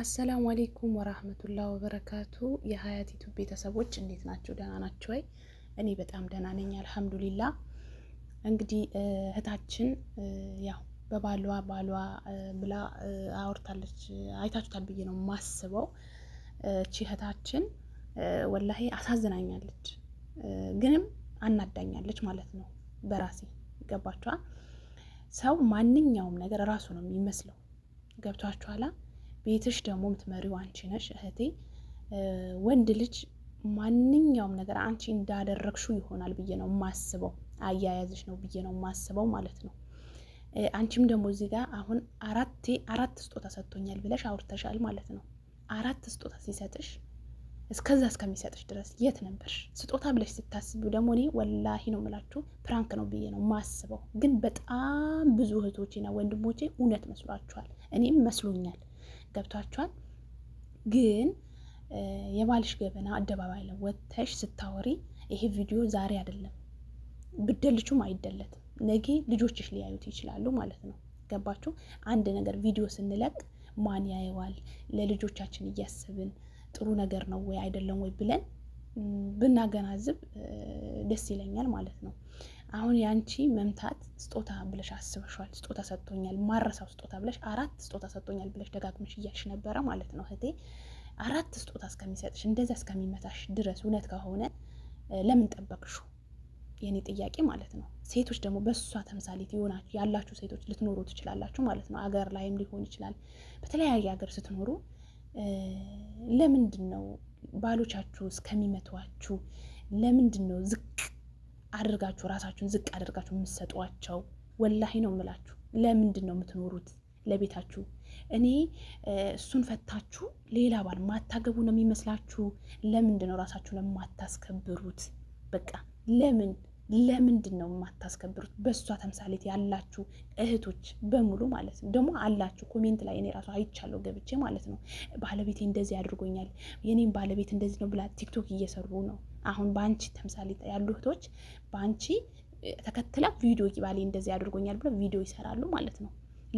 አሰላሙ አሌይኩም ወራህመቱላ ወበረካቱ። የሀያት ዩቱብ ቤተሰቦች እንዴት ናቸው? ደህና ናቸው ወይ? እኔ በጣም ደህና ነኝ አልሐምዱሊላ። እንግዲህ እህታችን ያው በባሏ ባሏ ብላ አውርታለች። አይታችሁታል ብዬ ነው ማስበው። እቺ እህታችን ወላሄ አሳዝናኛለች፣ ግንም አናዳኛለች ማለት ነው። በራሴ ገባችኋ? ሰው ማንኛውም ነገር ራሱ ነው የሚመስለው። ገብቷችኋላ? ቤትሽ ደግሞ የምትመሪው አንቺ ነሽ እህቴ። ወንድ ልጅ ማንኛውም ነገር አንቺ እንዳደረግሽው ይሆናል ብዬ ነው ማስበው። አያያዝሽ ነው ብዬ ነው ማስበው ማለት ነው። አንቺም ደግሞ እዚህ ጋር አሁን አራቴ አራት ስጦታ ሰጥቶኛል ብለሽ አውርተሻል ማለት ነው። አራት ስጦታ ሲሰጥሽ እስከዛ እስከሚሰጥሽ ድረስ የት ነበርሽ? ስጦታ ብለሽ ስታስቢው ደግሞ እኔ ወላሂ ነው የምላችሁ ፕራንክ ነው ብዬ ነው ማስበው። ግን በጣም ብዙ እህቶቼና ወንድሞቼ እውነት መስሏችኋል። እኔም መስሎኛል። ገብቷችኋል። ግን የባልሽ ገበና አደባባይ ላይ ወጥተሽ ስታወሪ ይሄ ቪዲዮ ዛሬ አይደለም ብደልቹም አይደለትም፣ ነገ ልጆችሽ ሊያዩት ይችላሉ ማለት ነው። ገባችሁ? አንድ ነገር ቪዲዮ ስንለቅ ማን ያየዋል፣ ለልጆቻችን እያሰብን ጥሩ ነገር ነው ወይ አይደለም ወይ ብለን ብናገናዝብ ደስ ይለኛል ማለት ነው። አሁን ያንቺ መምታት ስጦታ ብለሽ አስበሻል። ስጦታ ሰጥቶኛል፣ ማረሳው ስጦታ ብለሽ አራት ስጦታ ሰጥቶኛል ብለሽ ደጋግመሽ እያልሽ ነበረ ማለት ነው እህቴ። አራት ስጦታ እስከሚሰጥሽ እንደዚያ እስከሚመታሽ ድረስ እውነት ከሆነ ለምን ጠበቅሹ? የኔ ጥያቄ ማለት ነው። ሴቶች ደግሞ በእሷ ተምሳሌት ይሆናችሁ ያላችሁ ሴቶች ልትኖሩ ትችላላችሁ ማለት ነው። አገር ላይም ሊሆን ይችላል። በተለያየ ሀገር ስትኖሩ ለምንድን ነው ባሎቻችሁ እስከሚመቷችሁ ለምንድን ነው ዝቅ አድርጋችሁ ራሳችሁን ዝቅ አድርጋችሁ የምትሰጧቸው ወላሂ ነው የምላችሁ። ለምንድን ነው የምትኖሩት? ለቤታችሁ እኔ እሱን ፈታችሁ ሌላ ባል ማታገቡ ነው የሚመስላችሁ? ለምንድን ነው ራሳችሁን የማታስከብሩት? በቃ ለምን ለምንድን ነው የማታስከብሩት? በእሷ ተምሳሌት ያላችሁ እህቶች በሙሉ ማለት ነው ደግሞ አላችሁ። ኮሜንት ላይ እኔ ራሱ አይቻለሁ ገብቼ ማለት ነው። ባለቤቴ እንደዚህ አድርጎኛል፣ የኔም ባለቤት እንደዚህ ነው ብላ ቲክቶክ እየሰሩ ነው። አሁን በአንቺ ተምሳሌት ያሉ እህቶች በአንቺ ተከትላ ቪዲዮ ባሌ እንደዚህ አድርጎኛል ብለው ቪዲዮ ይሰራሉ ማለት ነው።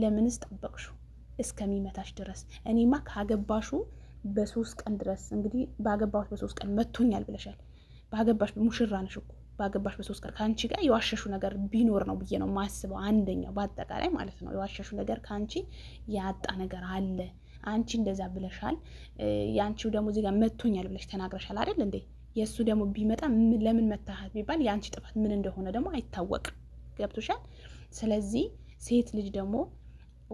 ለምንስ ጠበቅሹ እስከሚመታሽ ድረስ? እኔማ ካገባሹ በሶስት ቀን ድረስ እንግዲህ ባገባሁት በሶስት ቀን መቶኛል ብለሻል። ባገባሽ ሙሽራ ነሽ እኮ ባገባሽ በሶስት ቀን ከአንቺ ጋር የዋሸሹ ነገር ቢኖር ነው ብዬ ነው ማስበው አንደኛው በአጠቃላይ ማለት ነው የዋሸሹ ነገር ከአንቺ ያጣ ነገር አለ። አንቺ እንደዛ ብለሻል፣ የአንቺው ደግሞ እዚህ ጋር መቶኛል ብለሽ ተናግረሻል አይደል እንዴ? የእሱ ደግሞ ቢመጣ ለምን መታሃት ቢባል የአንቺ ጥፋት ምን እንደሆነ ደግሞ አይታወቅም። ገብቶሻል? ስለዚህ ሴት ልጅ ደግሞ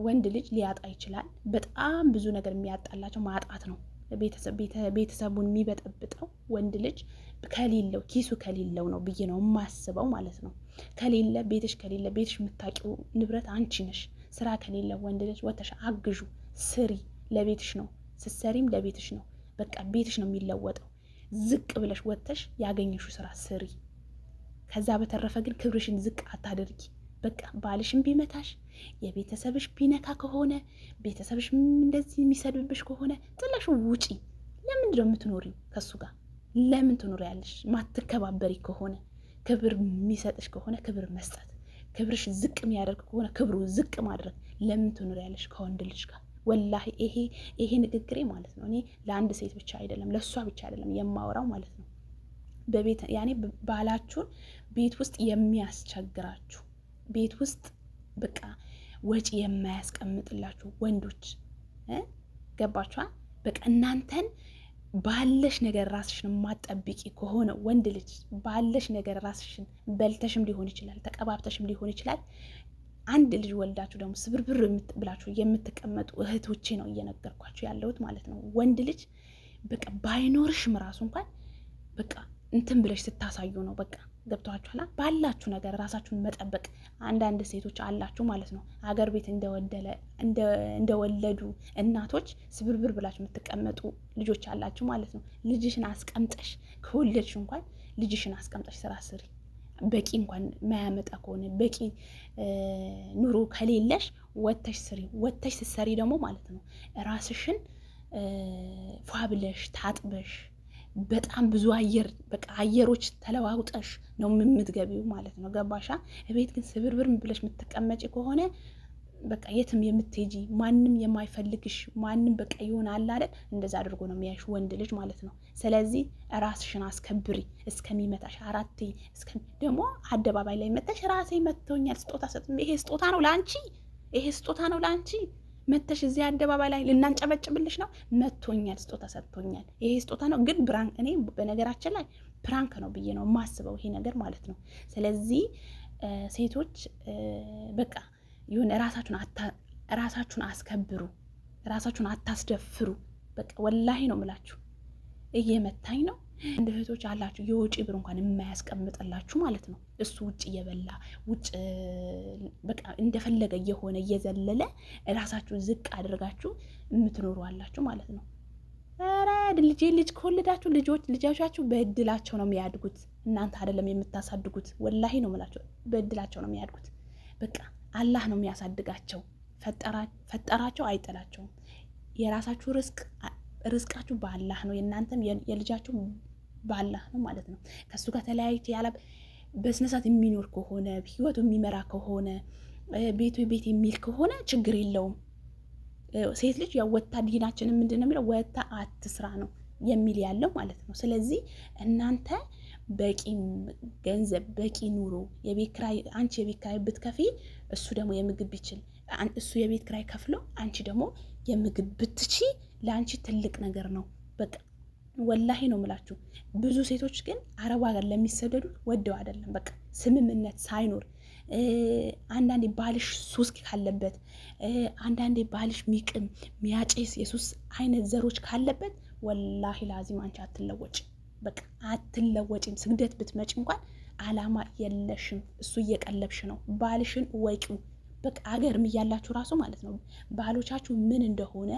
ወንድ ልጅ ሊያጣ ይችላል። በጣም ብዙ ነገር የሚያጣላቸው ማጣት ነው። ቤተሰቡን የሚበጠብጠው ወንድ ልጅ ከሌለው ኪሱ ከሌለው ነው ብዬ ነው የማስበው ማለት ነው። ከሌለ ቤትሽ ከሌለ ቤትሽ የምታውቂው ንብረት አንቺ ነሽ። ስራ ከሌለ ወንድ ልጅ ወተሽ አግዡ፣ ስሪ። ለቤትሽ ነው ስሰሪም ለቤትሽ ነው። በቃ ቤትሽ ነው የሚለወጠው። ዝቅ ብለሽ ወተሽ ያገኘሹ ስራ ስሪ። ከዛ በተረፈ ግን ክብርሽን ዝቅ አታደርጊ። በቃ ባልሽም ቢመታሽ የቤተሰብሽ ቢነካ ከሆነ ቤተሰብሽ እንደዚህ የሚሰድብብሽ ከሆነ ጥለሽ ውጪ። ለምንድን ነው የምትኖሪ ከሱ ጋር? ለምን ትኖሪ ያለሽ? ማትከባበሪ ከሆነ ክብር የሚሰጥሽ ከሆነ ክብር መስጠት፣ ክብርሽ ዝቅ የሚያደርግ ከሆነ ክብሩ ዝቅ ማድረግ፣ ለምን ትኖር ያለሽ ከወንድ ልጅ ጋር? ወላሂ ይሄ ይሄ ንግግሬ ማለት ነው እኔ ለአንድ ሴት ብቻ አይደለም ለእሷ ብቻ አይደለም የማወራው ማለት ነው። በቤት ያኔ ባላችሁን ቤት ውስጥ የሚያስቸግራችሁ ቤት ውስጥ በቃ ወጪ የማያስቀምጥላችሁ ወንዶች ገባችኋ? በቃ እናንተን ባለሽ ነገር ራስሽን ማጠብቂ ከሆነ ወንድ ልጅ ባለሽ ነገር ራስሽን በልተሽም ሊሆን ይችላል፣ ተቀባብተሽም ሊሆን ይችላል። አንድ ልጅ ወልዳችሁ ደግሞ ስብርብር ብላችሁ የምትቀመጡ እህቶቼ ነው እየነገርኳችሁ ያለሁት ማለት ነው። ወንድ ልጅ በቃ ባይኖርሽም ራሱ እንኳን በቃ እንትን ብለሽ ስታሳዩ ነው በቃ ገብቷችኋላ። ባላችሁ ነገር ራሳችሁን መጠበቅ አንዳንድ ሴቶች አላችሁ ማለት ነው። አገር ቤት እንደወለዱ እናቶች ስብርብር ብላችሁ የምትቀመጡ ልጆች አላችሁ ማለት ነው። ልጅሽን አስቀምጠሽ ከወለድሽ እንኳን ልጅሽን አስቀምጠሽ ስራ ስሪ። በቂ እንኳን ማያመጣ ከሆነ በቂ ኑሮ ከሌለሽ ወተሽ ስሪ። ወተሽ ስትሰሪ ደግሞ ማለት ነው ራስሽን ፏብለሽ ታጥበሽ በጣም ብዙ አየር በቃ አየሮች ተለዋውጠሽ ነው የምትገቢው ማለት ነው። ገባሻ? እቤት ግን ስብርብር ብለሽ የምትቀመጪ ከሆነ በቃ የትም የምትሄጂ ማንም የማይፈልግሽ ማንም በቃ ይሆን አለ አይደል? እንደዛ አድርጎ ነው የሚያይሽ ወንድ ልጅ ማለት ነው። ስለዚህ ራስሽን አስከብሪ እስከሚመጣሽ አራት እስከ ደግሞ አደባባይ ላይ መጣሽ ራሴ መጥተውኛል ስጦታ ሰጥ ይሄ ስጦታ ነው ለአንቺ ይሄ ስጦታ ነው ለአንቺ መተሽ እዚህ አደባባይ ላይ ልናንጨበጭብልሽ ነው። መቶኛል፣ ስጦታ ሰጥቶኛል። ይሄ ስጦታ ነው። ግን ብራንክ እኔ በነገራችን ላይ ፕራንክ ነው ብዬ ነው የማስበው ይሄ ነገር ማለት ነው። ስለዚህ ሴቶች በቃ የሆነ ራሳችሁን አስከብሩ፣ ራሳችሁን አታስደፍሩ። በቃ ወላሂ ነው የምላችሁ እየመታኝ ነው እንደ እህቶች አላችሁ የወጪ ብር እንኳን የማያስቀምጥላችሁ ማለት ነው። እሱ ውጭ እየበላ ውጭ በቃ እንደፈለገ እየሆነ እየዘለለ ራሳችሁ ዝቅ አድርጋችሁ የምትኖሩ አላችሁ ማለት ነው። ኧረ ልጄ ልጅ ከወለዳችሁ ልጆች ልጆቻችሁ በእድላቸው ነው የሚያድጉት። እናንተ አይደለም የምታሳድጉት። ወላሂ ነው የምላቸው፣ በእድላቸው ነው የሚያድጉት። በቃ አላህ ነው የሚያሳድጋቸው። ፈጠራቸው፣ አይጥላቸውም። የራሳችሁ ርስቅ ርስቃችሁ በአላህ ነው። የእናንተም የልጃችሁ በአላህ ነው ማለት ነው። ከሱ ጋር ተለያይቶ ያለ በስነሳት የሚኖር ከሆነ ህይወቱ የሚመራ ከሆነ ቤቱ ቤት የሚል ከሆነ ችግር የለውም። ሴት ልጅ ያው ወታ ዲናችንን ምንድን ነው የሚለው ወታ አትስራ ነው የሚል ያለው ማለት ነው። ስለዚህ እናንተ በቂ ገንዘብ በቂ ኑሮ የቤት አንቺ የቤት ክራይ ብትከፊ እሱ ደግሞ የምግብ ቢችል እሱ የቤት ክራይ ከፍሎ አንቺ ደግሞ የምግብ ብትቺ ለአንቺ ትልቅ ነገር ነው በቃ ወላሂ ነው የምላችሁ። ብዙ ሴቶች ግን አረብ ሀገር ለሚሰደዱ ወደው አይደለም፣ በቃ ስምምነት ሳይኖር አንዳንዴ ባልሽ ሱስ ካለበት፣ አንዳንዴ ባልሽ ሚቅም ሚያጭስ የሱስ አይነት ዘሮች ካለበት ወላሂ ላዚም አንቺ አትለወጭ፣ በቃ አትለወጭም። ስግደት ብትመጭ እንኳን አላማ የለሽም። እሱ እየቀለብሽ ነው። ባልሽን ወቂው በቃ አገርም እያላችሁ ራሱ ማለት ነው ባሎቻችሁ ምን እንደሆነ